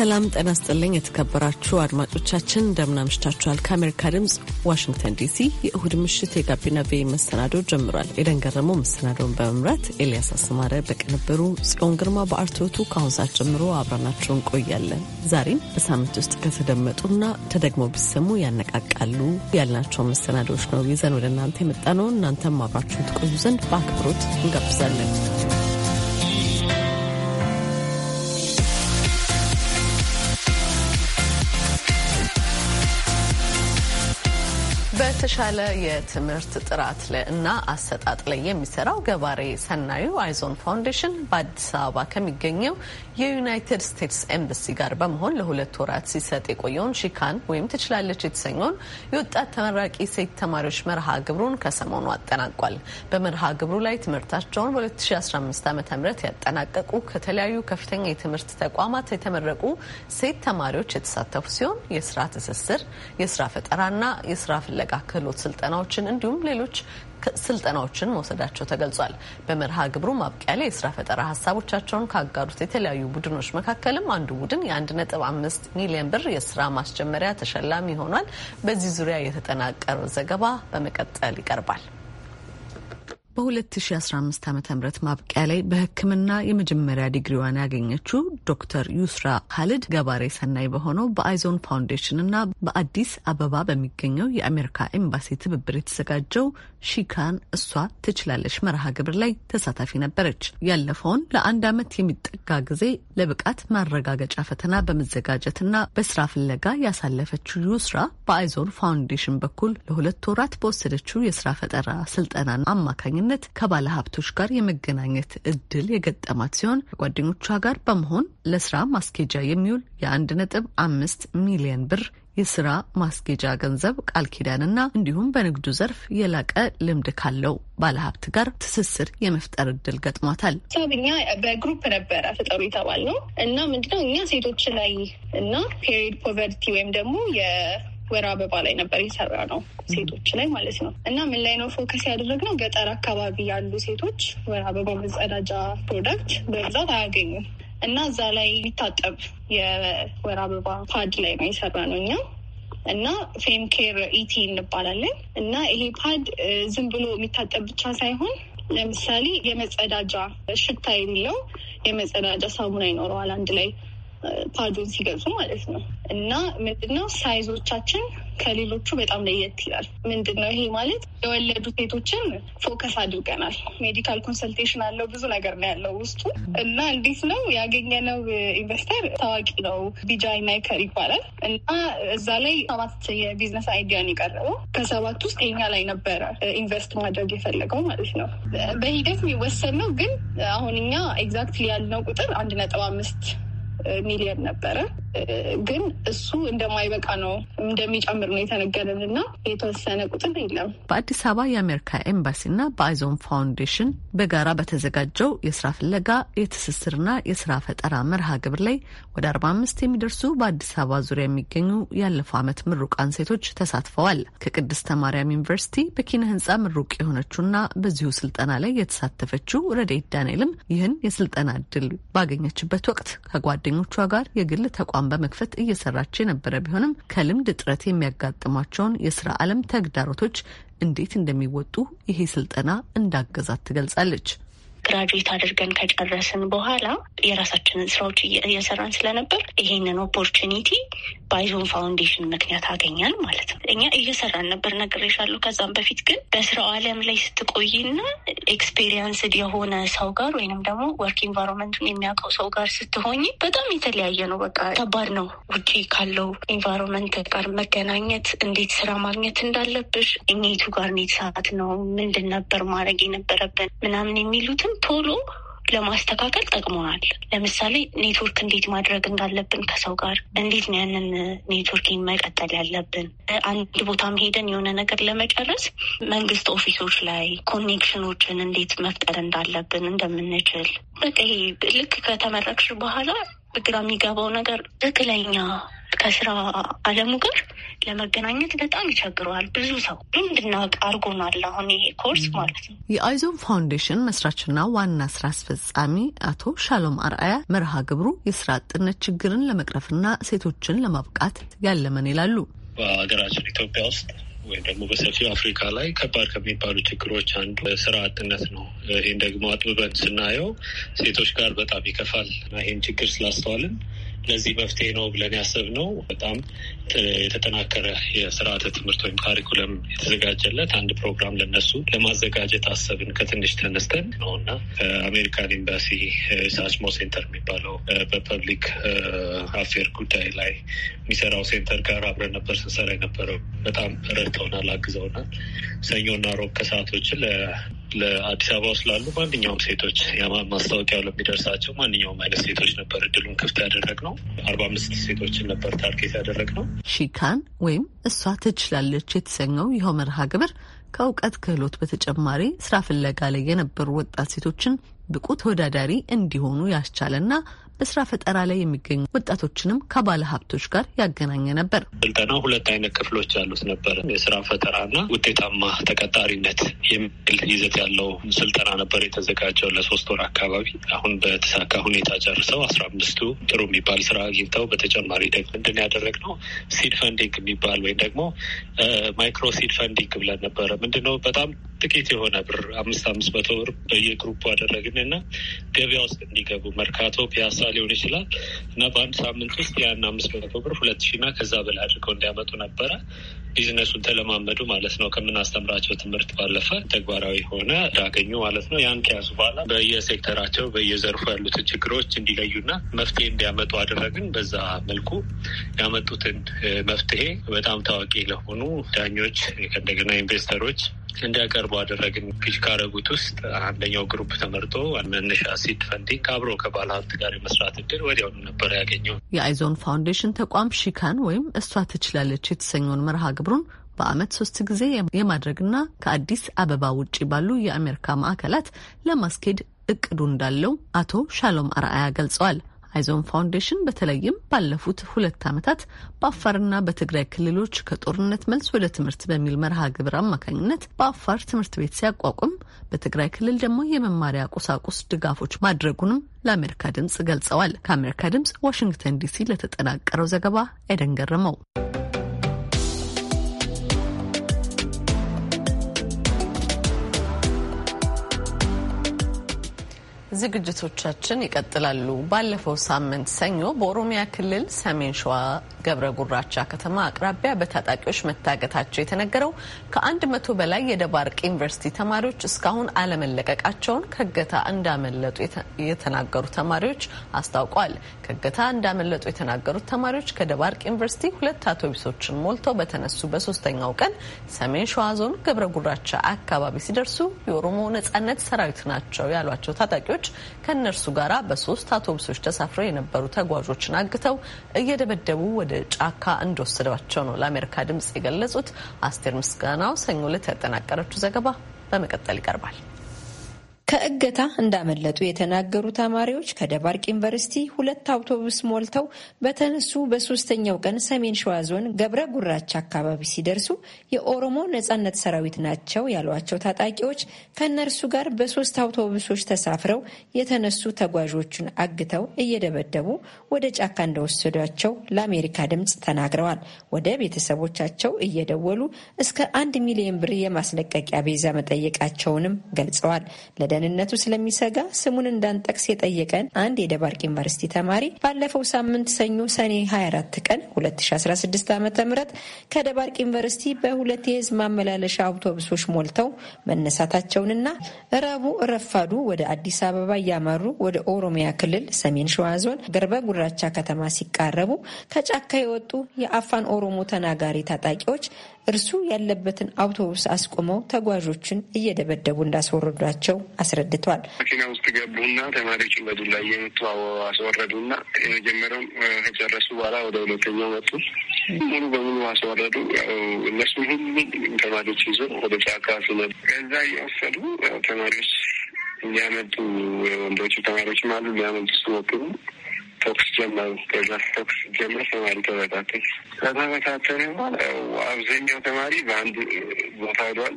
ሰላም ጤና ስጥልኝ። የተከበራችሁ አድማጮቻችን እንደምን አምሽታችኋል? ከአሜሪካ ድምፅ ዋሽንግተን ዲሲ የእሁድ ምሽት የጋቢና ቪኦኤ መሰናዶ ጀምሯል። ኤደን ገረመው መሰናዶውን በመምራት ኤልያስ አስማረ በቅንብሩ፣ ጽዮን ግርማ በአርትዖቱ ከአሁን ሰዓት ጀምሮ አብረናችሁ እንቆያለን። ዛሬም በሳምንት ውስጥ ከተደመጡና ተደግሞ ቢሰሙ ያነቃቃሉ ያልናቸውን መሰናዶዎች ነው ይዘን ወደ እናንተ የመጣነው። እናንተም አብራችሁን ትቆዩ ዘንድ በአክብሮት እንጋብዛለን። የተሻለ የትምህርት ጥራት እና አሰጣጥ ላይ የሚሰራው ገባሬ ሰናዩ አይዞን ፋውንዴሽን በአዲስ አበባ ከሚገኘው የዩናይትድ ስቴትስ ኤምበሲ ጋር በመሆን ለሁለት ወራት ሲሰጥ የቆየውን ሺካን ወይም ትችላለች የተሰኘውን የወጣት ተመራቂ ሴት ተማሪዎች መርሃ ግብሩን ከሰሞኑ አጠናቋል። በመርሃ ግብሩ ላይ ትምህርታቸውን በ2015 ዓ ም ያጠናቀቁ ከተለያዩ ከፍተኛ የትምህርት ተቋማት የተመረቁ ሴት ተማሪዎች የተሳተፉ ሲሆን የስራ ትስስር፣ የስራ ፈጠራና የስራ ፍለጋ ክህሎት ስልጠናዎችን እንዲሁም ሌሎች ስልጠናዎችን መውሰዳቸው ተገልጿል። በመርሃ ግብሩ ማብቂያ ላይ የስራ ፈጠራ ሀሳቦቻቸውን ካጋሩት የተለያዩ ቡድኖች መካከልም አንዱ ቡድን የ1.5 ሚሊዮን ብር የስራ ማስጀመሪያ ተሸላሚ ሆኗል። በዚህ ዙሪያ የተጠናቀረው ዘገባ በመቀጠል ይቀርባል። በ2015 ዓ ም ማብቂያ ላይ በሕክምና የመጀመሪያ ዲግሪዋን ያገኘችው ዶክተር ዩስራ ሀልድ ገባሬ ሰናይ በሆነው በአይዞን ፋውንዴሽን እና በአዲስ አበባ በሚገኘው የአሜሪካ ኤምባሲ ትብብር የተዘጋጀው ሺካን እሷ ትችላለች መርሃ ግብር ላይ ተሳታፊ ነበረች። ያለፈውን ለአንድ ዓመት የሚጠጋ ጊዜ ለብቃት ማረጋገጫ ፈተና በመዘጋጀትና በስራ ፍለጋ ያሳለፈችው ዩስራ በአይዞን ፋውንዴሽን በኩል ለሁለት ወራት በወሰደችው የስራ ፈጠራ ስልጠና አማካኝ አማካኝነት ከባለ ሀብቶች ጋር የመገናኘት እድል የገጠማት ሲሆን ከጓደኞቿ ጋር በመሆን ለስራ ማስኬጃ የሚውል የአንድ ነጥብ አምስት ሚሊዮን ብር የስራ ማስጌጃ ገንዘብ ቃል ኪዳንና እንዲሁም በንግዱ ዘርፍ የላቀ ልምድ ካለው ባለሀብት ጋር ትስስር የመፍጠር እድል ገጥሟታል። ሳብኛ በግሩፕ ነበረ ፍጠሩ የተባል ነው እና ምንድነው እኛ ሴቶች ላይ እና ፔሪድ ፖቨርቲ ወይም ደግሞ ወር አበባ ላይ ነበር የሰራ ነው ሴቶች ላይ ማለት ነው። እና ምን ላይ ነው ፎከስ ነው? ገጠር አካባቢ ያሉ ሴቶች ወር አበባ መጸዳጃ ፕሮዳክት በብዛት አያገኙም እና እዛ ላይ የሚታጠብ የወር አበባ ፓድ ላይ ነው የሰራ ነው እኛ እና ፌም ኬር ኢቲ እንባላለን እና ይሄ ፓድ ዝም ብሎ የሚታጠብ ብቻ ሳይሆን ለምሳሌ የመጸዳጃ ሽታ የሌለው የመጸዳጃ ሳሙና ይኖረዋል አንድ ላይ ፓዱን ሲገልጹ ማለት ነው። እና ምንድነው ሳይዞቻችን ከሌሎቹ በጣም ለየት ይላል። ምንድነው ይሄ ማለት የወለዱ ሴቶችን ፎከስ አድርገናል። ሜዲካል ኮንሰልቴሽን አለው፣ ብዙ ነገር ነው ያለው ውስጡ። እና እንዴት ነው ያገኘነው ኢንቨስተር ታዋቂ ነው፣ ቢጃይ ናይከር ይባላል። እና እዛ ላይ ሰባት የቢዝነስ አይዲያን የቀረበው ከሰባት ውስጥ የኛ ላይ ነበረ ኢንቨስት ማድረግ የፈለገው ማለት ነው። በሂደት የሚወሰን ነው ግን አሁን እኛ ኤግዛክትሊ ያልነው ቁጥር አንድ ነጥብ አምስት ሚሊየን ነበረ። ግን እሱ እንደማይበቃ ነው እንደሚጨምር ነው የተነገረን እና የተወሰነ ቁጥር የለም። በአዲስ አበባ የአሜሪካ ኤምባሲና በአይዞን ፋውንዴሽን በጋራ በተዘጋጀው የስራ ፍለጋ የትስስርና የስራ ፈጠራ መርሃ ግብር ላይ ወደ አርባ አምስት የሚደርሱ በአዲስ አበባ ዙሪያ የሚገኙ ያለፈው ዓመት ምሩቃን ሴቶች ተሳትፈዋል። ከቅድስተ ማርያም ዩኒቨርሲቲ በኪነ ህንጻ ምሩቅ የሆነችውና በዚሁ ስልጠና ላይ የተሳተፈችው ረዴት ዳንኤልም ይህን የስልጠና እድል ባገኘችበት ወቅት ከጓደኞቿ ጋር የግል ተቋ ተቋም በመክፈት እየሰራች የነበረ ቢሆንም ከልምድ እጥረት የሚያጋጥሟቸውን የስራ ዓለም ተግዳሮቶች እንዴት እንደሚወጡ ይሄ ስልጠና እንዳገዛት ትገልጻለች። ግራጁዌት አድርገን ከጨረስን በኋላ የራሳችንን ስራዎች እየሰራን ስለነበር ይሄንን ኦፖርቹኒቲ ባይዞን ፋውንዴሽን ምክንያት አገኛል ማለት ነው። እኛ እየሰራን ነበር ነግሬሻለሁ። ከዛም በፊት ግን በስራው አለም ላይ ስትቆይና ኤክስፔሪየንስድ የሆነ ሰው ጋር ወይንም ደግሞ ወርክ ኢንቫይሮንመንቱን የሚያውቀው ሰው ጋር ስትሆኝ በጣም የተለያየ ነው። በቃ ከባድ ነው። ውጪ ካለው ኢንቫይሮንመንት ጋር መገናኘት፣ እንዴት ስራ ማግኘት እንዳለብሽ፣ እኔቱ ጋር ኔት ሰዓት ነው ምንድን ነበር ማድረግ የነበረብን ምናምን የሚሉትም ቶሎ ለማስተካከል ጠቅሞናል። ለምሳሌ ኔትወርክ እንዴት ማድረግ እንዳለብን ከሰው ጋር እንዴት ነው ያንን ኔትወርክ መቀጠል ያለብን። አንድ ቦታም ሄደን የሆነ ነገር ለመጨረስ መንግስት ኦፊሶች ላይ ኮኔክሽኖችን እንዴት መፍጠር እንዳለብን እንደምንችል በቃ ይሄ ልክ ከተመረቅሽ በኋላ ግራ የሚገባው ነገር ትክክለኛ ከስራ አለሙ ጋር ለመገናኘት በጣም ይቸግረዋል። ብዙ ሰው እንድናውቅ አድርጎናል። አሁን ይሄ ኮርስ ማለት ነው። የአይዞን ፋውንዴሽን መስራችና ዋና ስራ አስፈጻሚ አቶ ሻሎም አርአያ መርሃ ግብሩ የስራ አጥነት ችግርን ለመቅረፍና ሴቶችን ለማብቃት ያለመን ይላሉ። በሀገራችን ኢትዮጵያ ውስጥ ወይም ደግሞ በሰፊው አፍሪካ ላይ ከባድ ከሚባሉ ችግሮች አንዱ ስራ አጥነት ነው። ይህን ደግሞ አጥብበን ስናየው ሴቶች ጋር በጣም ይከፋል እና ይህን ችግር ስላስተዋልን ለዚህ መፍትሄ ነው ብለን ያሰብነው በጣም የተጠናከረ የስርዓተ ትምህርት ወይም ካሪኩለም የተዘጋጀለት አንድ ፕሮግራም ለነሱ ለማዘጋጀት አሰብን። ከትንሽ ተነስተን ነው እና አሜሪካን ኤምባሲ ሳችሞ ሴንተር የሚባለው በፐብሊክ አፌር ጉዳይ ላይ የሚሰራው ሴንተር ጋር አብረን ነበር ስንሰራ የነበረው። በጣም ረድተውናል፣ አግዘውናል። ሰኞና ሮብ ከሰዓቶች ለአዲስ አበባ ውስጥ ላሉ ማንኛውም ሴቶች ማስታወቂያው ለሚደርሳቸው ማንኛውም አይነት ሴቶች ነበር እድሉን ክፍት ያደረግነው። አርባ አምስት ሴቶችን ነበር ታርጌት ያደረግነው። ሺካን ወይም እሷ ትችላለች የተሰኘው ይኸው መርሃ ግብር ከእውቀት ክህሎት በተጨማሪ ስራ ፍለጋ ላይ የነበሩ ወጣት ሴቶችን ብቁ ተወዳዳሪ እንዲሆኑ ያስቻለና በስራ ፈጠራ ላይ የሚገኙ ወጣቶችንም ከባለ ሀብቶች ጋር ያገናኘ ነበር። ስልጠናው ሁለት አይነት ክፍሎች ያሉት ነበር። የስራ ፈጠራና ውጤታማ ተቀጣሪነት የሚል ይዘት ያለው ስልጠና ነበር የተዘጋጀው ለሶስት ወር አካባቢ። አሁን በተሳካ ሁኔታ ጨርሰው አስራ አምስቱ ጥሩ የሚባል ስራ አግኝተው በተጨማሪ ደግሞ ምንድን ያደረግነው ሲድ ፈንዲንግ የሚባል ወይም ደግሞ ማይክሮ ሲድ ፈንዲንግ ብለን ነበረ። ምንድነው በጣም ጥቂት የሆነ ብር አምስት አምስት መቶ ብር በየግሩፑ አደረግን እና ገበያ ውስጥ እንዲገቡ መርካቶ፣ ፒያሳ ሊሆን ይችላል እና በአንድ ሳምንት ውስጥ ያን አምስት መቶ ብር ሁለት ሺና ከዛ በላይ አድርገው እንዲያመጡ ነበረ። ቢዝነሱን ተለማመዱ ማለት ነው። ከምናስተምራቸው ትምህርት ባለፈ ተግባራዊ ሆነ እንዳገኙ ማለት ነው። ያን ከያዙ በኋላ በየሴክተራቸው በየዘርፉ ያሉትን ችግሮች እንዲለዩና መፍትሄ እንዲያመጡ አደረግን። በዛ መልኩ ያመጡትን መፍትሄ በጣም ታዋቂ ለሆኑ ዳኞች፣ ከእንደገና ኢንቨስተሮች እንዲያቀርቡ አደረግን። ፒች ካረጉት ውስጥ አንደኛው ግሩፕ ተመርጦ መነሻ ሲድ ፈንዲንግ አብሮ ከባለ ሀብት ጋር የመስራት እድል ወዲያውኑ ነበር ያገኘው። የአይዞን ፋውንዴሽን ተቋም ሺካን ወይም እሷ ትችላለች የተሰኘውን መርሃ ግብሩን በአመት ሶስት ጊዜ የማድረግና ከአዲስ አበባ ውጭ ባሉ የአሜሪካ ማዕከላት ለማስኬድ እቅዱ እንዳለው አቶ ሻሎም አርአያ ገልጸዋል። አይዞን ፋውንዴሽን በተለይም ባለፉት ሁለት ዓመታት በአፋርና በትግራይ ክልሎች ከጦርነት መልስ ወደ ትምህርት በሚል መርሃ ግብር አማካኝነት በአፋር ትምህርት ቤት ሲያቋቁም በትግራይ ክልል ደግሞ የመማሪያ ቁሳቁስ ድጋፎች ማድረጉንም ለአሜሪካ ድምጽ ገልጸዋል። ከአሜሪካ ድምጽ ዋሽንግተን ዲሲ ለተጠናቀረው ዘገባ አይደን ገረመው። ዝግጅቶቻችን ይቀጥላሉ። ባለፈው ሳምንት ሰኞ በኦሮሚያ ክልል ሰሜን ሸዋ ገብረ ጉራቻ ከተማ አቅራቢያ በታጣቂዎች መታገታቸው የተነገረው ከአንድ መቶ በላይ የደባርቅ ዩኒቨርሲቲ ተማሪዎች እስካሁን አለመለቀቃቸውን ከእገታ እንዳመለጡ የተናገሩ ተማሪዎች አስታውቋል። ከእገታ እንዳመለጡ የተናገሩት ተማሪዎች ከደባርቅ ዩኒቨርሲቲ ሁለት አውቶቢሶችን ሞልተው በተነሱ በሶስተኛው ቀን ሰሜን ሸዋ ዞን ገብረ ጉራቻ አካባቢ ሲደርሱ የኦሮሞ ነጻነት ሰራዊት ናቸው ያሏቸው ታጣቂዎች ታጣቂዎች ከእነርሱ ጋር በሶስት አውቶቡሶች ተሳፍረው የነበሩ ተጓዦችን አግተው እየደበደቡ ወደ ጫካ እንደወሰዷቸው ነው ለአሜሪካ ድምጽ የገለጹት። አስቴር ምስጋናው ሰኞ ዕለት ያጠናቀረችው ዘገባ በመቀጠል ይቀርባል። ከእገታ እንዳመለጡ የተናገሩ ተማሪዎች ከደባርቅ ዩኒቨርሲቲ ሁለት አውቶቡስ ሞልተው በተነሱ በሶስተኛው ቀን ሰሜን ሸዋ ዞን ገብረ ጉራቻ አካባቢ ሲደርሱ የኦሮሞ ነጻነት ሰራዊት ናቸው ያሏቸው ታጣቂዎች ከእነርሱ ጋር በሶስት አውቶቡሶች ተሳፍረው የተነሱ ተጓዦቹን አግተው እየደበደቡ ወደ ጫካ እንደወሰዷቸው ለአሜሪካ ድምፅ ተናግረዋል። ወደ ቤተሰቦቻቸው እየደወሉ እስከ አንድ ሚሊዮን ብር የማስለቀቂያ ቤዛ መጠየቃቸውንም ገልጸዋል። ለደህንነቱ ስለሚሰጋ ስሙን እንዳንጠቅስ የጠየቀን አንድ የደባርቅ ዩኒቨርሲቲ ተማሪ ባለፈው ሳምንት ሰኞ ሰኔ 24 ቀን 2016 ዓ ም ከደባርቅ ዩኒቨርሲቲ በሁለት የህዝብ ማመላለሻ አውቶቡሶች ሞልተው መነሳታቸውንና ረቡ ረፋዱ ወደ አዲስ አበባ እያመሩ ወደ ኦሮሚያ ክልል ሰሜን ሸዋ ዞን ገርበ ጉራቻ ከተማ ሲቃረቡ ከጫካ የወጡ የአፋን ኦሮሞ ተናጋሪ ታጣቂዎች እርሱ ያለበትን አውቶቡስ አስቆመው ተጓዦችን እየደበደቡ እንዳስወረዷቸው አስረድቷል። መኪና ውስጥ ገቡና ተማሪዎችን በዱላ እየመቱ አስወረዱና የመጀመሪያውም ከጨረሱ በኋላ ወደ ሁለተኛው መጡ። ሙሉ በሙሉ አስወረዱ። እነሱ ሁሉም ተማሪዎች ይዞ ወደ ጫካ ሲመጡ ከዛ እየወሰዱ ተማሪዎች ሊያመጡ ወንዶች ተማሪዎችም አሉ ሊያመጡ ሲሞክሩ ተኩስ ጀመሩ። ከዛ ተኩስ ጀመር፣ ተማሪ ተበታተነ። ከተበታተነ በኋላ አብዛኛው ተማሪ በአንድ ቦታ ሄዷል።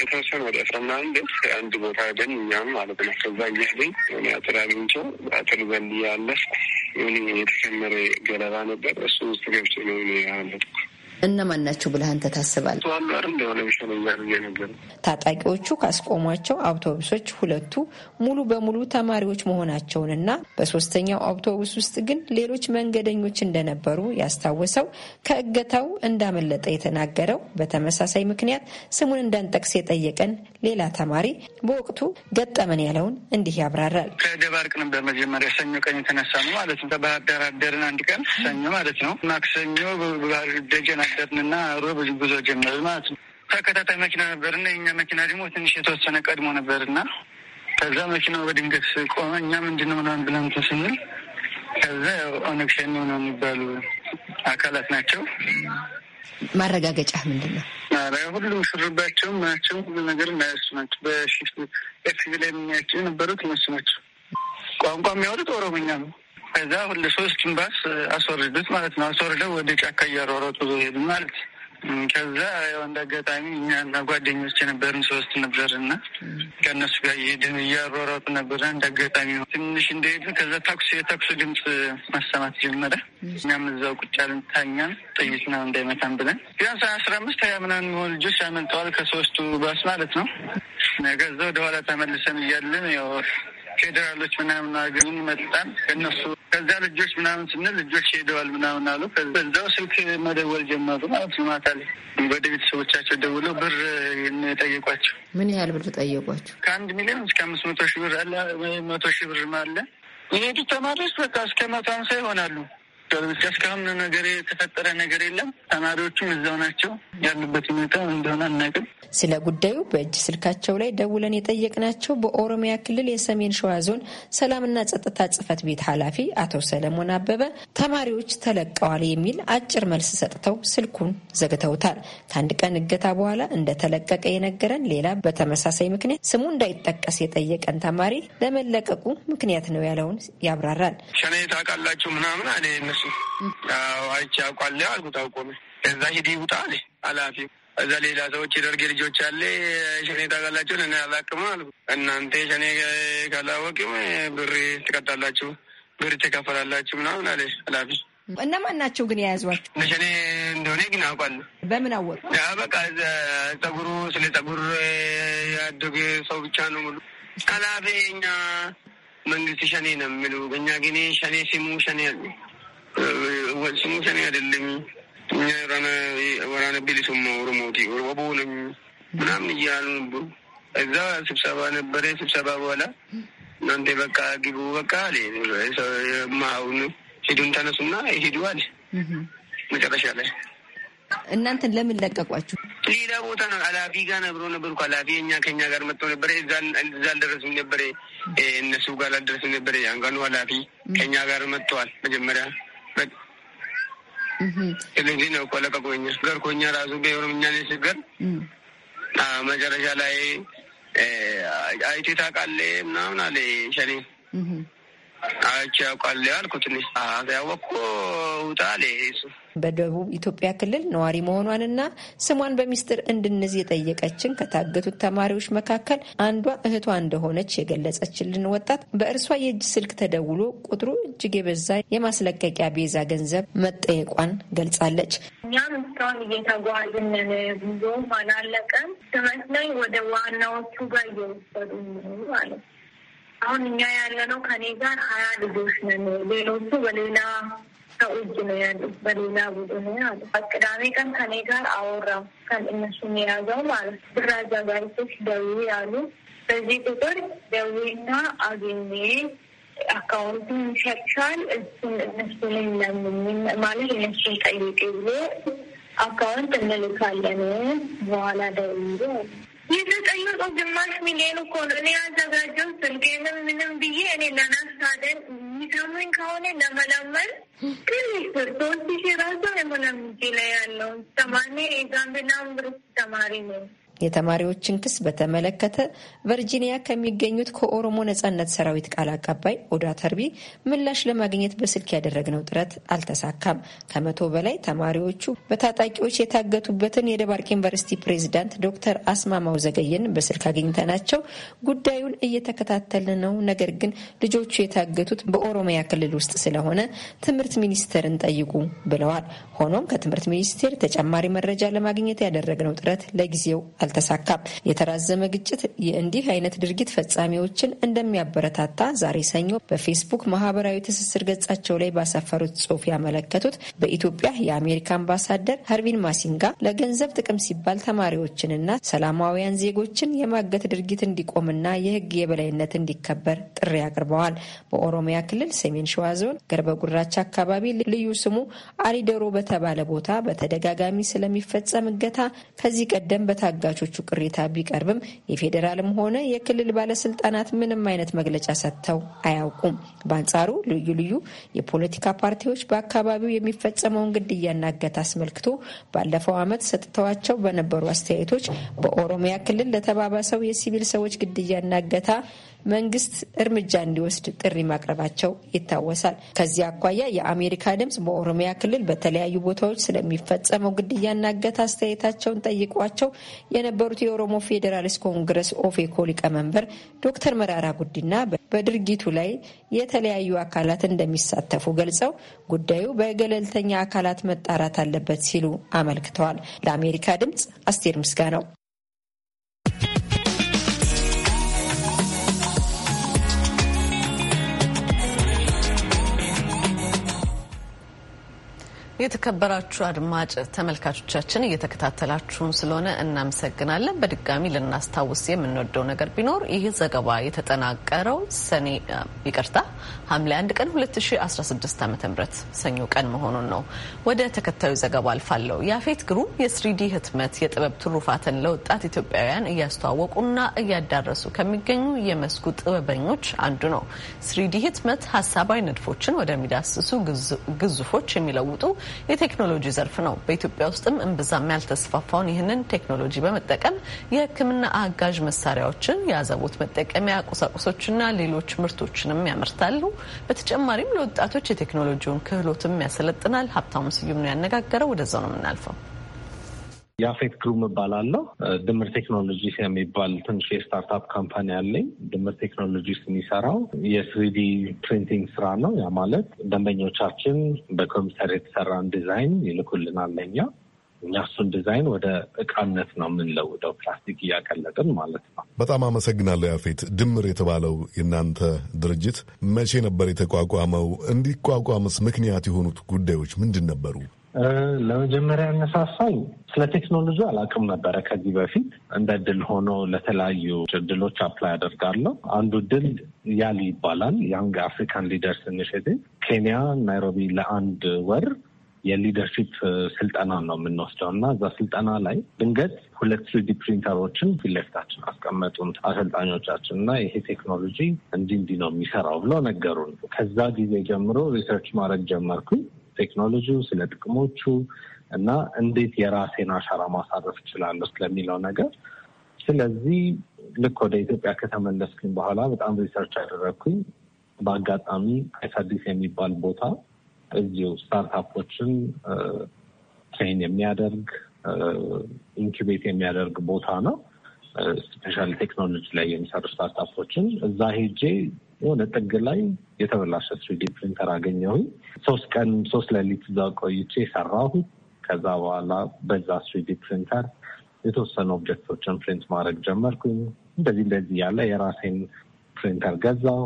የተወሰነ ወደ አስራ ምናምን አንድ ቦታ ደን እኛም ማለት ነው። ከዛ እያደኝ ሆነ አጥር አግኝቼው አጥር ዘል ያለፍኩ የሆነ የተከመረ ገለባ ነበር። እሱ ውስጥ ገብቼ ነው ያመለጥኩ። እነማን ናቸው ብለህ አንተ ታስባለህ? ታጣቂዎቹ ካስቆሟቸው አውቶቡሶች ሁለቱ ሙሉ በሙሉ ተማሪዎች መሆናቸውንና በሶስተኛው አውቶቡስ ውስጥ ግን ሌሎች መንገደኞች እንደነበሩ ያስታወሰው ከእገታው እንዳመለጠ የተናገረው በተመሳሳይ ምክንያት ስሙን እንዳንጠቅስ የጠየቀን ሌላ ተማሪ በወቅቱ ገጠመን ያለውን እንዲህ ያብራራል። ከደባርቅ ነው በመጀመሪያ ሰኞ ቀን የተነሳ ነው ማለት ነው። ከባህር ዳር አደርን አንድ ቀን ሰኞ ማለት ነው። ማክሰኞ ደጀን ተናደድንና ሮብ ጉዞ ጀመርን ማለት ነው። ተከታታይ መኪና ነበርና የኛ መኪና ደግሞ ትንሽ የተወሰነ ቀድሞ ነበርና ከዛ መኪናው በድንገት ቆመ። እኛ ምንድን ነው ምናምን ብለን እንትን ስንል ከዛ ኦነግ ሸኔ ነው የሚባሉ አካላት ናቸው። ማረጋገጫ ምንድን ነው? ሁሉም ሹርባቸውም ናቸው ሁሉ ነገር እናያሱ ናቸው። በሽፍት ኤፍቪ ላይ የምናያቸው የነበሩት እነሱ ናቸው። ቋንቋ የሚያወሩት ኦሮሞኛ ነው። ከዛ ሁለ ሶስቱን ባስ አስወርዱት ማለት ነው። አስወርደው ወደ ጫካ እያሯሯጡ ሄዱ ማለት ከዛ ያው እንደ አጋጣሚ እኛና ጓደኞች የነበርን ሶስት ነበር እና ከእነሱ ጋር እየሄድን እያሯሯጡ ነበረ። እንደ አጋጣሚ ነው ትንሽ እንደሄድን ከዛ ተኩስ የተኩሱ ድምፅ ማሰማት ጀመረ። እኛም እዛው ቁጭ ያልን ታኛን፣ ጥይት ነው እንዳይመታን ብለን ቢያንስ አስራ አምስት ሀያ ምናምን የሚሆኑ ልጆች ያመልጠዋል ከሶስቱ ባስ ማለት ነው። ከዛ ወደኋላ ተመልሰን እያለን ያው ፌዴራሎች ምናምን አገኙን ይመጣል ከነሱ ከዛ ልጆች ምናምን ስንል ልጆች ሄደዋል ምናምን አሉ። በዛው ስልክ መደወል ጀመሩ ማለት ነው። ማታ ላይ ወደ ቤተሰቦቻቸው ደውለው ብር ጠየቋቸው። ምን ያህል ብር ጠየቋቸው? ከአንድ ሚሊዮን እስከ አምስት መቶ ሺህ ብር አለ መቶ ሺህ ብር አለ የሄዱ ተማሪዎች በቃ እስከ መቶ ሀምሳ ይሆናሉ። እስካሁን ነገር የተፈጠረ ነገር የለም። ተማሪዎቹም እዛው ናቸው። ያሉበት ሁኔታ እንደሆነ አናውቅም። ስለ ጉዳዩ በእጅ ስልካቸው ላይ ደውለን የጠየቅናቸው በኦሮሚያ ክልል የሰሜን ሸዋ ዞን ሰላምና ጸጥታ ጽህፈት ቤት ኃላፊ አቶ ሰለሞን አበበ ተማሪዎች ተለቀዋል የሚል አጭር መልስ ሰጥተው ስልኩን ዘግተውታል። ከአንድ ቀን እገታ በኋላ እንደተለቀቀ የነገረን ሌላ በተመሳሳይ ምክንያት ስሙ እንዳይጠቀስ የጠየቀን ተማሪ ለመለቀቁ ምክንያት ነው ያለውን ያብራራል። ሸኔ ታውቃላችሁ ምናምን እሱ አይቼ አውቃለሁ አልኩት። አውቆ ነው እዛ ሂድ ውጣ አለ ኃላፊ እዛ ሌላ ሰዎች የደርጌ ልጆች አለ ሸኔ ታውቃላችሁ፣ እኔ አላቅም አልኩት። እናንተ ሸኔ ካላወቅም ብር ትቀጣላችሁ፣ ብር ትከፈላላችሁ ምናምን አለ ኃላፊ እነማን ናቸው ግን የያዟቸው? ሸኔ እንደሆነ ግን አውቃለሁ። በምን አወቅ? በቃ ጸጉሩ ስለ ጸጉር ያደገ ሰው ብቻ ነው ሙሉ ኃላፊ እኛ መንግስት ሸኔ ነው የሚሉ እኛ ግን ሸኔ ሲሙ ሸኔ አለ ወልሱሙ አይደለም እኛ ወራነ ቢሊሱማ ኦሮሞቲ ኦሮቦ ነኝ ምናምን እያሉ ነበሩ። እዛ ስብሰባ ነበረ። ስብሰባ በኋላ እናንተ በቃ ግቡ በቃ አለ ማሁን ሂዱን ተነሱና ሂዱ አለ። መጨረሻ ላይ እናንተን ለምን ለቀቋችሁ? ሌላ ቦታ ነው ኃላፊ ጋር ነብሮ ነበር እኮ እኛ ከኛ ጋር መጥተው ነበረ። እዛ አልደረስም ነበረ እነሱ ጋር አልደረስም ነበረ። አንጋኑ ኃላፊ ከኛ ጋር መጥተዋል መጀመሪያ ስለዚህ ነው እኮ ለቀቁኝ። እሱ ኮኛ ራሱ በኦሮምኛ ላይ ችግር መጨረሻ ላይ አይቴ ታውቃለህ ምናምን አለ ሸኔ አይቼ ያውቃለሁ አልኩ። ትንሽ ሰዓት ያወቅኩ ውጣ አለ እሱ በደቡብ ኢትዮጵያ ክልል ነዋሪ መሆኗንና ስሟን በሚስጥር እንድንዝ የጠየቀችን ከታገቱት ተማሪዎች መካከል አንዷ እህቷ እንደሆነች የገለጸችልን ወጣት በእርሷ የእጅ ስልክ ተደውሎ ቁጥሩ እጅግ የበዛ የማስለቀቂያ ቤዛ ገንዘብ መጠየቋን ገልጻለች። እኛም እስካሁን እየተጓዝን ጉዞም አላለቀም ስመስለኝ ወደ ዋናዎቹ ጋር እየወሰዱ ማለት አሁን እኛ ያለነው ከኔ ጋር ሀያ ልጆች ነን። ሌሎቹ በሌላ እጅ ነው ያሉ በሌላ ቡድን አሉ። ቅዳሜ ቀን ከኔ ጋር አወራም እነሱን የያዘው ማለት ብር አዘጋጅቶች ደውዪ ያሉ። በዚህ ቁጥር ደውዪና አግኘ አካውንቱን ይሸርቻል እሱን እነሱን ለምን ማለት እነሱን ጠይቅ ብሎ አካውንት እንልካለን በኋላ ደውዪ የተጠየቀው ግማሽ ሚሊዮን እኮ ነው። እኔ ያዘጋጀው ስልኬንም ምንም ብዬ እኔ ለናሳደን የሚሰሙኝ ከሆነ ለመለመን ¿Qué perdón, lo se ha የተማሪዎችን ክስ በተመለከተ ቨርጂኒያ ከሚገኙት ከኦሮሞ ነጻነት ሰራዊት ቃል አቀባይ ኦዳ ተርቢ ምላሽ ለማግኘት በስልክ ያደረግነው ጥረት አልተሳካም። ከመቶ በላይ ተማሪዎቹ በታጣቂዎች የታገቱበትን የደባርቅ ዩኒቨርሲቲ ፕሬዚዳንት ዶክተር አስማማው ዘገየን በስልክ አግኝተናቸው ጉዳዩን እየተከታተል ነው፣ ነገር ግን ልጆቹ የታገቱት በኦሮሚያ ክልል ውስጥ ስለሆነ ትምህርት ሚኒስቴርን ጠይቁ ብለዋል። ሆኖም ከትምህርት ሚኒስቴር ተጨማሪ መረጃ ለማግኘት ያደረግነው ጥረት ለጊዜው አልተሳካም። የተራዘመ ግጭት እንዲህ አይነት ድርጊት ፈጻሚዎችን እንደሚያበረታታ ዛሬ ሰኞ በፌስቡክ ማህበራዊ ትስስር ገጻቸው ላይ ባሰፈሩት ጽሑፍ ያመለከቱት በኢትዮጵያ የአሜሪካ አምባሳደር ሀርቪን ማሲንጋ ለገንዘብ ጥቅም ሲባል ተማሪዎችንና ሰላማዊያን ዜጎችን የማገት ድርጊት እንዲቆምና የህግ የበላይነት እንዲከበር ጥሪ አቅርበዋል። በኦሮሚያ ክልል ሰሜን ሸዋ ዞን ገርበ ጉራቻ አካባቢ ልዩ ስሙ አሪደሮ በተባለ ቦታ በተደጋጋሚ ስለሚፈጸም እገታ ከዚህ ቀደም በታጋ የተወላጆቹ ቅሬታ ቢቀርብም የፌዴራልም ሆነ የክልል ባለስልጣናት ምንም አይነት መግለጫ ሰጥተው አያውቁም። በአንጻሩ ልዩ ልዩ የፖለቲካ ፓርቲዎች በአካባቢው የሚፈጸመውን ግድያና እገታ አስመልክቶ ባለፈው ዓመት ሰጥተዋቸው በነበሩ አስተያየቶች በኦሮሚያ ክልል ለተባባሰው የሲቪል ሰዎች ግድያና እገታ መንግስት እርምጃ እንዲወስድ ጥሪ ማቅረባቸው ይታወሳል። ከዚህ አኳያ የአሜሪካ ድምፅ በኦሮሚያ ክልል በተለያዩ ቦታዎች ስለሚፈጸመው ግድያና እገታ አስተያየታቸውን ጠይቋቸው የነበሩት የኦሮሞ ፌዴራሊስት ኮንግረስ ኦፌኮ ሊቀመንበር ዶክተር መራራ ጉዲና በድርጊቱ ላይ የተለያዩ አካላት እንደሚሳተፉ ገልጸው ጉዳዩ በገለልተኛ አካላት መጣራት አለበት ሲሉ አመልክተዋል። ለአሜሪካ ድምፅ አስቴር ምስጋ ነው። የተከበራችሁ አድማጭ ተመልካቾቻችን እየተከታተላችሁም ስለሆነ እናመሰግናለን። በድጋሚ ልናስታውስ የምንወደው ነገር ቢኖር ይህ ዘገባ የተጠናቀረው ሰኔ ይቅርታ ሐምሌ አንድ ቀን 2016 ዓ ም ሰኞ ቀን መሆኑን ነው። ወደ ተከታዩ ዘገባ አልፋለሁ። የአፌት ግሩም የስሪዲ ህትመት የጥበብ ትሩፋትን ለወጣት ኢትዮጵያውያን እያስተዋወቁና እያዳረሱ ከሚገኙ የመስኩ ጥበበኞች አንዱ ነው። ስሪዲ ህትመት ሀሳባዊ ንድፎችን ወደሚዳስሱ ግዙፎች የሚለውጡ የቴክኖሎጂ ዘርፍ ነው። በኢትዮጵያ ውስጥም እምብዛም ያልተስፋፋውን ይህንን ቴክኖሎጂ በመጠቀም የሕክምና አጋዥ መሳሪያዎችን፣ የአዘቦት መጠቀሚያ ቁሳቁሶችና ሌሎች ምርቶችንም ያመርታሉ። በተጨማሪም ለወጣቶች የቴክኖሎጂውን ክህሎትም ያሰለጥናል። ሀብታሙ ስዩም ነው ያነጋገረው። ወደዛው ነው የምናልፈው። የአፌት ክሩም እባላለሁ። ድምር ቴክኖሎጂስ የሚባል ትንሽ የስታርታፕ ካምፓኒ አለኝ። ድምር ቴክኖሎጂስ የሚሰራው የስሪዲ ፕሪንቲንግ ስራ ነው። ያ ማለት ደንበኞቻችን በኮምፒውተር የተሰራን ዲዛይን ይልኩልናል ለኛ እኛ እሱን ዲዛይን ወደ እቃነት ነው የምንለውደው፣ ፕላስቲክ እያቀለጥን ማለት ነው። በጣም አመሰግናለሁ ያፌት። ድምር የተባለው የእናንተ ድርጅት መቼ ነበር የተቋቋመው? እንዲቋቋምስ ምክንያት የሆኑት ጉዳዮች ምንድን ነበሩ? ለመጀመሪያ ያነሳሳኝ ስለ ቴክኖሎጂ አላውቅም ነበረ ከዚህ በፊት። እንደ ድል ሆኖ ለተለያዩ እድሎች አፕላይ አደርጋለሁ። አንዱ ድል ያሊ ይባላል ያንግ አፍሪካን ሊደርስ ኢኒሽቲቭ ኬንያ ናይሮቢ ለአንድ ወር የሊደርሺፕ ስልጠና ነው የምንወስደው እና እዛ ስልጠና ላይ ድንገት ሁለት ስሪዲ ፕሪንተሮችን ፊት ለፊታችን አስቀመጡን አሰልጣኞቻችን እና ይሄ ቴክኖሎጂ እንዲህ እንዲህ ነው የሚሰራው ብለው ነገሩን። ከዛ ጊዜ ጀምሮ ሪሰርች ማድረግ ጀመርኩኝ። ቴክኖሎጂው፣ ስለ ጥቅሞቹ እና እንዴት የራሴን አሻራ ማሳረፍ እችላለሁ ስለሚለው ነገር። ስለዚህ ልክ ወደ ኢትዮጵያ ከተመለስኩኝ በኋላ በጣም ሪሰርች ያደረግኩኝ በአጋጣሚ አይሳዲስ የሚባል ቦታ እዚሁ ስታርታፖችን ትሬን የሚያደርግ ኢንኩቤት የሚያደርግ ቦታ ነው። ስፔሻል ቴክኖሎጂ ላይ የሚሰሩ ስታርታፖችን እዛ ሄጄ የሆነ ጥግ ላይ የተበላሸ ስሪዲ ፕሪንተር አገኘሁኝ። ሶስት ቀን ሶስት ሌሊት እዛ ቆይቼ ሰራሁ። ከዛ በኋላ በዛ ስሪዲ ፕሪንተር የተወሰኑ ኦብጀክቶችን ፕሪንት ማድረግ ጀመርኩኝ። እንደዚህ እንደዚህ ያለ የራሴን ፕሪንተር ገዛው።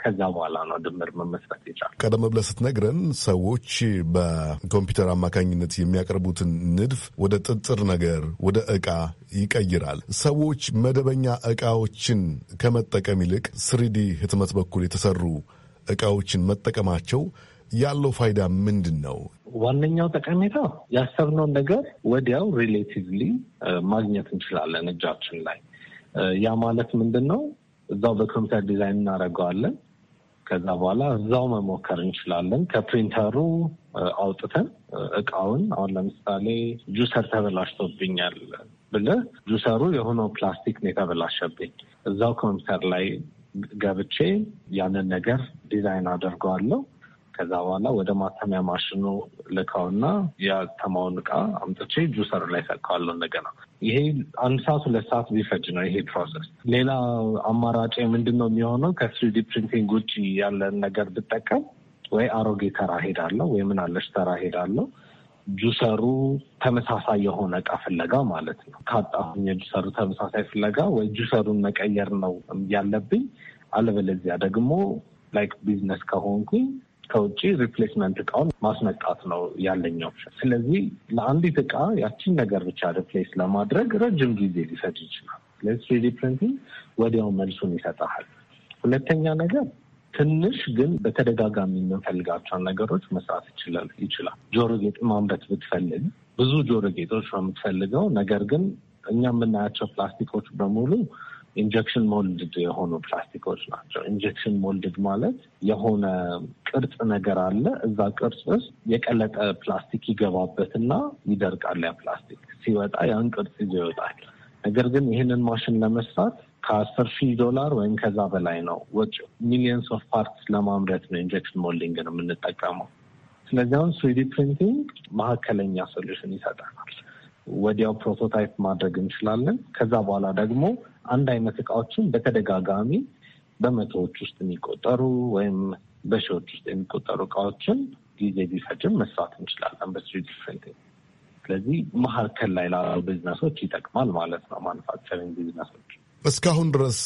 ከዛ በኋላ ነው ድምር መመስረት ይቻል። ቀደም ብለህ ስትነግረን ሰዎች በኮምፒውተር አማካኝነት የሚያቀርቡትን ንድፍ ወደ ጥጥር ነገር ወደ እቃ ይቀይራል። ሰዎች መደበኛ እቃዎችን ከመጠቀም ይልቅ ስሪዲ ህትመት በኩል የተሰሩ እቃዎችን መጠቀማቸው ያለው ፋይዳ ምንድን ነው? ዋነኛው ጠቀሜታ ያሰብነውን ነገር ወዲያው ሪሌቲቭሊ ማግኘት እንችላለን እጃችን ላይ። ያ ማለት ምንድን ነው? እዛው በኮምፒውተር ዲዛይን እናደርገዋለን። ከዛ በኋላ እዛው መሞከር እንችላለን። ከፕሪንተሩ አውጥተን እቃውን አሁን ለምሳሌ ጁሰር ተበላሽቶብኛል ብለ ጁሰሩ የሆነው ፕላስቲክ ነው የተበላሸብኝ። እዛው ኮምፒውተር ላይ ገብቼ ያንን ነገር ዲዛይን አደርገዋለሁ። ከዛ በኋላ ወደ ማተሚያ ማሽኑ ልከውና ያተማውን እቃ አምጥቼ ጁሰር ላይ ሰካዋለሁ እንደገና። ይሄ አንድ ሰዓት ሁለት ሰዓት ቢፈጅ ነው ይሄ ፕሮሰስ። ሌላ አማራጭ ምንድን ነው የሚሆነው? ከስሪዲ ፕሪንቲንግ ውጭ ያለን ነገር ብጠቀም ወይ አሮጌ ተራ ሄዳለሁ ወይ ምን ተራ ሄዳለሁ ጁሰሩ ተመሳሳይ የሆነ እቃ ፍለጋ ማለት ነው። ካጣሁኝ የጁሰሩ ተመሳሳይ ፍለጋ ወይ ጁሰሩን መቀየር ነው ያለብኝ። አለበለዚያ ደግሞ ላይክ ቢዝነስ ከሆንኩኝ ከውጭ ሪፕሌስመንት እቃውን ማስመጣት ነው ያለኛው። ስለዚህ ለአንዲት እቃ ያችን ነገር ብቻ ሪፕሌስ ለማድረግ ረጅም ጊዜ ሊሰድ ይችላል። ለስሪዲ ፕሪንቲንግ ወዲያው መልሱን ይሰጠሃል። ሁለተኛ ነገር ትንሽ ግን በተደጋጋሚ የምንፈልጋቸውን ነገሮች መስራት ይችላል ይችላል። ጆሮ ጌጥ ማምረት ብትፈልግ ብዙ ጆሮ ጌጦች ነው የምትፈልገው። ነገር ግን እኛ የምናያቸው ፕላስቲኮች በሙሉ ኢንጀክሽን ሞልድድ የሆኑ ፕላስቲኮች ናቸው። ኢንጀክሽን ሞልድድ ማለት የሆነ ቅርጽ ነገር አለ። እዛ ቅርጽ ውስጥ የቀለጠ ፕላስቲክ ይገባበትና ይደርቃል። ያ ፕላስቲክ ሲወጣ ያን ቅርጽ ይዞ ይወጣል። ነገር ግን ይህንን ማሽን ለመስራት ከአስር ሺህ ዶላር ወይም ከዛ በላይ ነው ወጪ። ሚሊየንስ ኦፍ ፓርትስ ለማምረት ነው ኢንጀክሽን ሞልዲንግ ነው የምንጠቀመው። ስለዚህ አሁን ስሪዲ ፕሪንቲንግ መካከለኛ ሶሉሽን ይሰጠናል። ወዲያው ፕሮቶታይፕ ማድረግ እንችላለን። ከዛ በኋላ ደግሞ አንድ አይነት እቃዎችን በተደጋጋሚ በመቶዎች ውስጥ የሚቆጠሩ ወይም በሺዎች ውስጥ የሚቆጠሩ እቃዎችን ጊዜ ቢፈጅም መስራት እንችላለን በስሪዲ ስለዚህ መካከል ላይ ላሉ ቢዝነሶች ይጠቅማል ማለት ነው። ማኑፋክቸሪንግ ቢዝነሶች እስካሁን ድረስ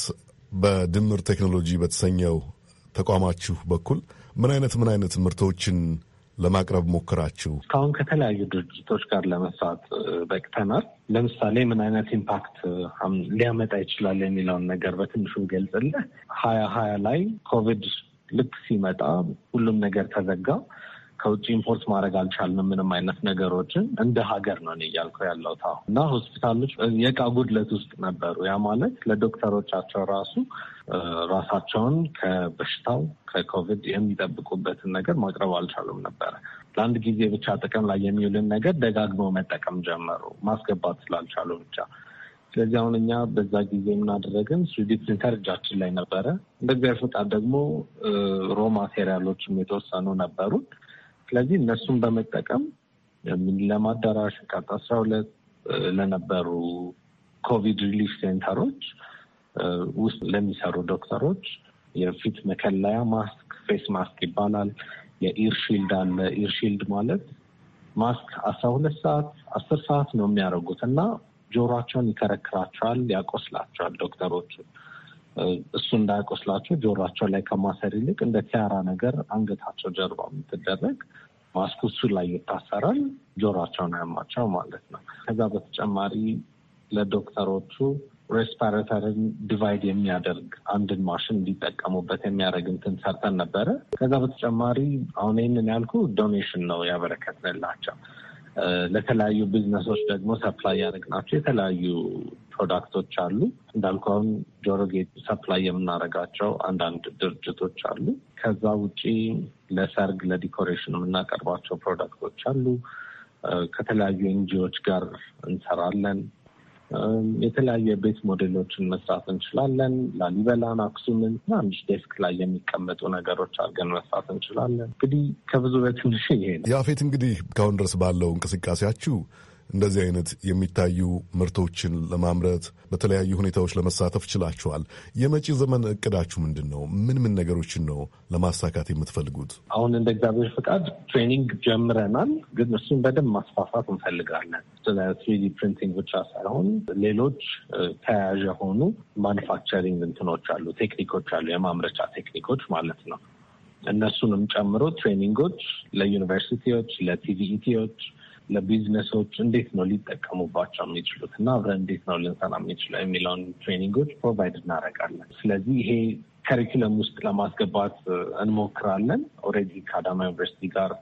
በድምር ቴክኖሎጂ በተሰኘው ተቋማችሁ በኩል ምን አይነት ምን አይነት ምርቶችን ለማቅረብ ሞክራችሁ? እስካሁን ከተለያዩ ድርጅቶች ጋር ለመስራት በቅተናል። ለምሳሌ ምን አይነት ኢምፓክት ሊያመጣ ይችላል የሚለውን ነገር በትንሹ ገልጽልህ። ሀያ ሀያ ላይ ኮቪድ ልክ ሲመጣ ሁሉም ነገር ተዘጋ። ከውጭ ኢምፖርት ማድረግ አልቻልንም። ምንም አይነት ነገሮችን እንደ ሀገር ነው እያልኩ ያለው እና ሆስፒታሎች የእቃ ጉድለት ውስጥ ነበሩ። ያ ማለት ለዶክተሮቻቸው ራሱ ራሳቸውን ከበሽታው ከኮቪድ የሚጠብቁበትን ነገር ማቅረብ አልቻሉም ነበረ። ለአንድ ጊዜ ብቻ ጥቅም ላይ የሚውልን ነገር ደጋግሞ መጠቀም ጀመሩ፣ ማስገባት ስላልቻሉ ብቻ። ስለዚህ አሁን እኛ በዛ ጊዜ የምናደረግን ስሪዲ ፕሪንተር እጃችን ላይ ነበረ። እንደ እግዚአብሔር ፈቃድ ደግሞ ሮ ማቴሪያሎችም የተወሰኑ ነበሩ። ስለዚህ እነሱን በመጠቀም ለማዳራሽ አዳራሽ ቀጥ አስራ ሁለት ለነበሩ ኮቪድ ሪሊፍ ሴንተሮች ውስጥ ለሚሰሩ ዶክተሮች የፊት መከለያ ማስክ ፌስ ማስክ ይባላል። የኢርሺልድ አለ። ኢርሺልድ ማለት ማስክ አስራ ሁለት ሰዓት አስር ሰዓት ነው የሚያደርጉት እና ጆሯቸውን ይከረክራቸዋል፣ ያቆስላቸዋል ዶክተሮቹ እሱ እንዳያቆስላቸው ጆሯቸው ላይ ከማሰር ይልቅ እንደ ቲያራ ነገር አንገታቸው ጀርባ የምትደረግ ማስኩ እሱ ላይ ይታሰራል። ጆሯቸውን አያማቸው ማለት ነው። ከዛ በተጨማሪ ለዶክተሮቹ ሬስፓራተርን ዲቫይድ የሚያደርግ አንድን ማሽን እንዲጠቀሙበት የሚያደርግ እንትን ሰርተን ነበረ። ከዛ በተጨማሪ አሁን ይህንን ያልኩ ዶኔሽን ነው ያበረከትንላቸው። ለተለያዩ ቢዝነሶች ደግሞ ሰፕላይ ያደረግናቸው የተለያዩ ፕሮዳክቶች አሉ። እንዳልኩ አሁን ጆሮጌት ሰፕላይ የምናደርጋቸው አንዳንድ ድርጅቶች አሉ። ከዛ ውጪ ለሰርግ ለዲኮሬሽን የምናቀርባቸው ፕሮዳክቶች አሉ። ከተለያዩ ኤንጂዎች ጋር እንሰራለን። የተለያዩ የቤት ሞዴሎችን መስራት እንችላለን። ላሊበላን፣ አክሱምን ትናንሽ ዴስክ ላይ የሚቀመጡ ነገሮች አድርገን መስራት እንችላለን። እንግዲህ ከብዙ በትንሽ ይሄ ነው። ያፌት፣ እንግዲህ እስካሁን ድረስ ባለው እንቅስቃሴያችሁ እንደዚህ አይነት የሚታዩ ምርቶችን ለማምረት በተለያዩ ሁኔታዎች ለመሳተፍ ችላችኋል። የመጪ ዘመን እቅዳችሁ ምንድን ነው? ምን ምን ነገሮችን ነው ለማሳካት የምትፈልጉት? አሁን እንደ እግዚአብሔር ፍቃድ ትሬኒንግ ጀምረናል፣ ግን እሱን በደንብ ማስፋፋት እንፈልጋለን። ስለ ትሪዲ ፕሪንቲንግ ብቻ ሳይሆን ሌሎች ተያያዥ የሆኑ ማኑፋክቸሪንግ እንትኖች አሉ፣ ቴክኒኮች አሉ፣ የማምረቻ ቴክኒኮች ማለት ነው። እነሱንም ጨምሮ ትሬኒንጎች ለዩኒቨርሲቲዎች፣ ለቲቪኢቲዎች ለቢዝነሶች እንዴት ነው ሊጠቀሙባቸው የሚችሉት እና አብረን እንዴት ነው ልንሰራ የሚችለው የሚለውን ትሬኒንጎች ፕሮቫይድ እናደርጋለን። ስለዚህ ይሄ ከሪኩለም ውስጥ ለማስገባት እንሞክራለን። ኦልሬዲ ከአዳማ ዩኒቨርሲቲ ጋር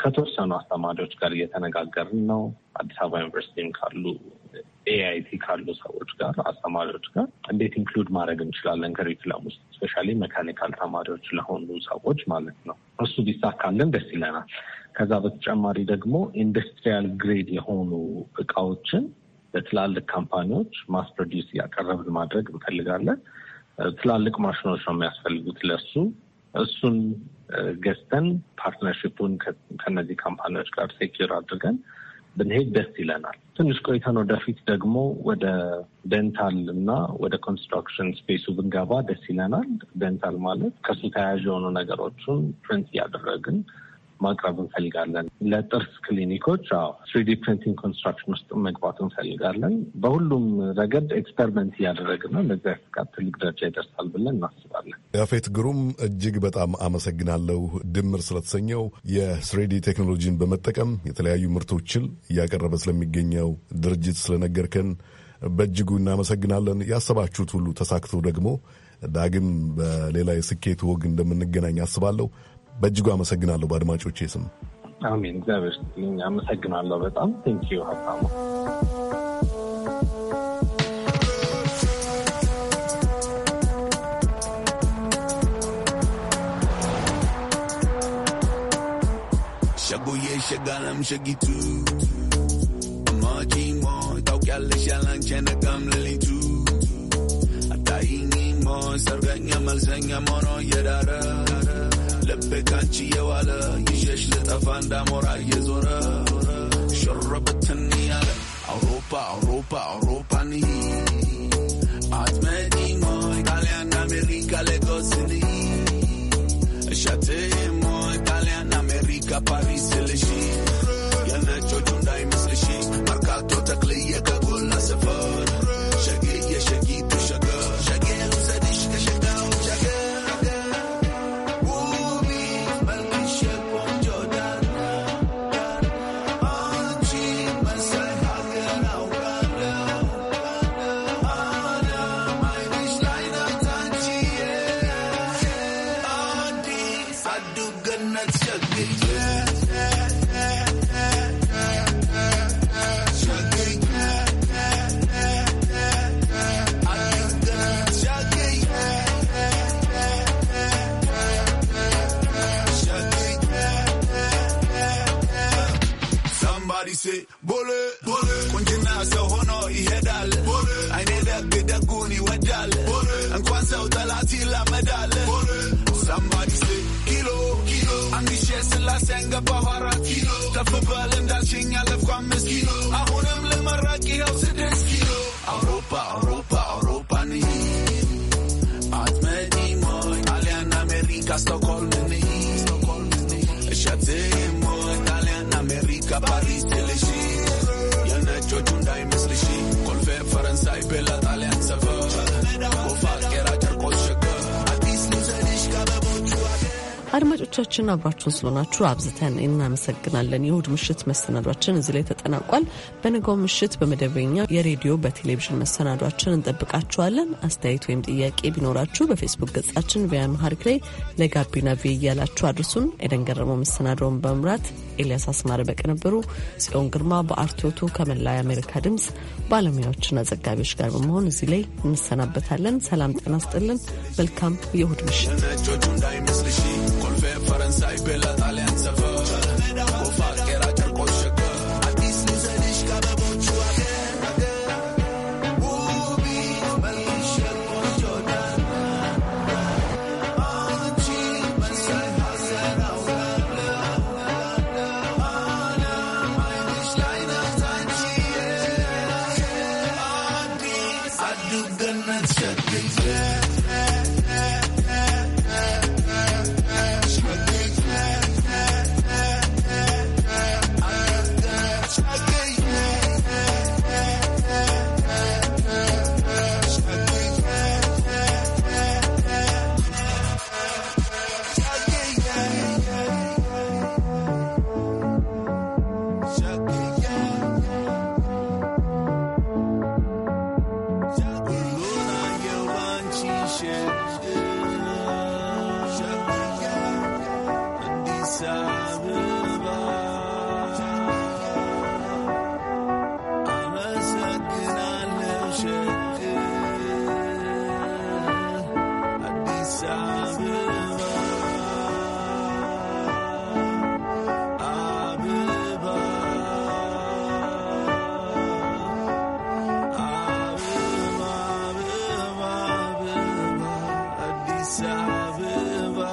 ከተወሰኑ አስተማሪዎች ጋር እየተነጋገርን ነው። አዲስ አበባ ዩኒቨርሲቲም ካሉ ኤአይቲ ካሉ ሰዎች ጋር አስተማሪዎች ጋር እንዴት ኢንክሉድ ማድረግ እንችላለን ከሪኩለም ውስጥ ስፔሻሊ መካኒካል ተማሪዎች ለሆኑ ሰዎች ማለት ነው። እሱ ቢሳካልን ደስ ይለናል። ከዛ በተጨማሪ ደግሞ ኢንዱስትሪያል ግሬድ የሆኑ እቃዎችን ለትላልቅ ካምፓኒዎች ማስ እያቀረብን ማድረግ እንፈልጋለን። ትላልቅ ማሽኖች ነው የሚያስፈልጉት ለሱ። እሱን ገዝተን ፓርትነርሽፑን ከነዚህ ካምፓኒዎች ጋር ሴኪር አድርገን ብንሄድ ደስ ይለናል። ትንሽ ቆይተን ወደፊት ደግሞ ወደ ደንታል እና ወደ ኮንስትራክሽን ስፔሱ ብንገባ ደስ ይለናል። ደንታል ማለት ከሱ ተያያዥ የሆኑ ነገሮችን ፕሪንት እያደረግን ማቅረብ እንፈልጋለን። ለጥርስ ክሊኒኮች ትሪዲ ፕሪንቲንግ ኮንስትራክሽን ውስጥ መግባት እንፈልጋለን። በሁሉም ረገድ ኤክስፐሪመንት እያደረግን ነው። ለዚያ ትልቅ ደረጃ ይደርሳል ብለን እናስባለን። ያፌት ግሩም፣ እጅግ በጣም አመሰግናለሁ። ድምር ስለተሰኘው የስሬዲ ቴክኖሎጂን በመጠቀም የተለያዩ ምርቶችን እያቀረበ ስለሚገኘው ድርጅት ስለነገርከን በእጅጉ እናመሰግናለን። ያሰባችሁት ሁሉ ተሳክቶ ደግሞ ዳግም በሌላ የስኬት ወግ እንደምንገናኝ አስባለሁ። በእጅጉ አመሰግናለሁ በአድማጮቼ ስም። አሜን። እግዚአብሔር ይስጥልኝ። አመሰግናለሁ በጣም ቴንኪዩ ሀሳቡ Shabuye shagalam shagitu Amaji mo Taukale shalan chena gam lilitu Ataini mo Sarganya malzanya mono yedara ካንቺ የዋለ ይዤሽ ልጠፋ እንዳሞራ እየዞረ ሸረበትን ያለ አውሮፓ አውሮፓ አውሮፓ ንሂ አትመጪም ጣሊያን አሜሪካ ሌጎስ ንሂ ጣሊያን አሜሪካ ፓሪስ ልሽ የነጮቹ እንዳይመስልሽ Bella አድማጮቻችን አብራችሁን ስለሆናችሁ አብዝተን እናመሰግናለን። የእሁድ ምሽት መሰናዷችን እዚህ ላይ ተጠናቋል። በንጋው ምሽት በመደበኛ የሬዲዮ በቴሌቪዥን መሰናዷችን እንጠብቃችኋለን። አስተያየት ወይም ጥያቄ ቢኖራችሁ በፌስቡክ ገጻችን ቪያምሃሪክ ላይ ለጋቢና ቪ እያላችሁ አድርሱን። ኤደን ገረመው መሰናዶውን በመምራት ኤልያስ አስማረ በቅንብሩ፣ ጽዮን ግርማ በአርቶቱ ከመላ የአሜሪካ ድምፅ ባለሙያዎችና ዘጋቢዎች ጋር በመሆን እዚህ ላይ እንሰናበታለን። ሰላም ጤና ስጥልን። መልካም የእሁድ ምሽት فرنساي بلا طاليان سفر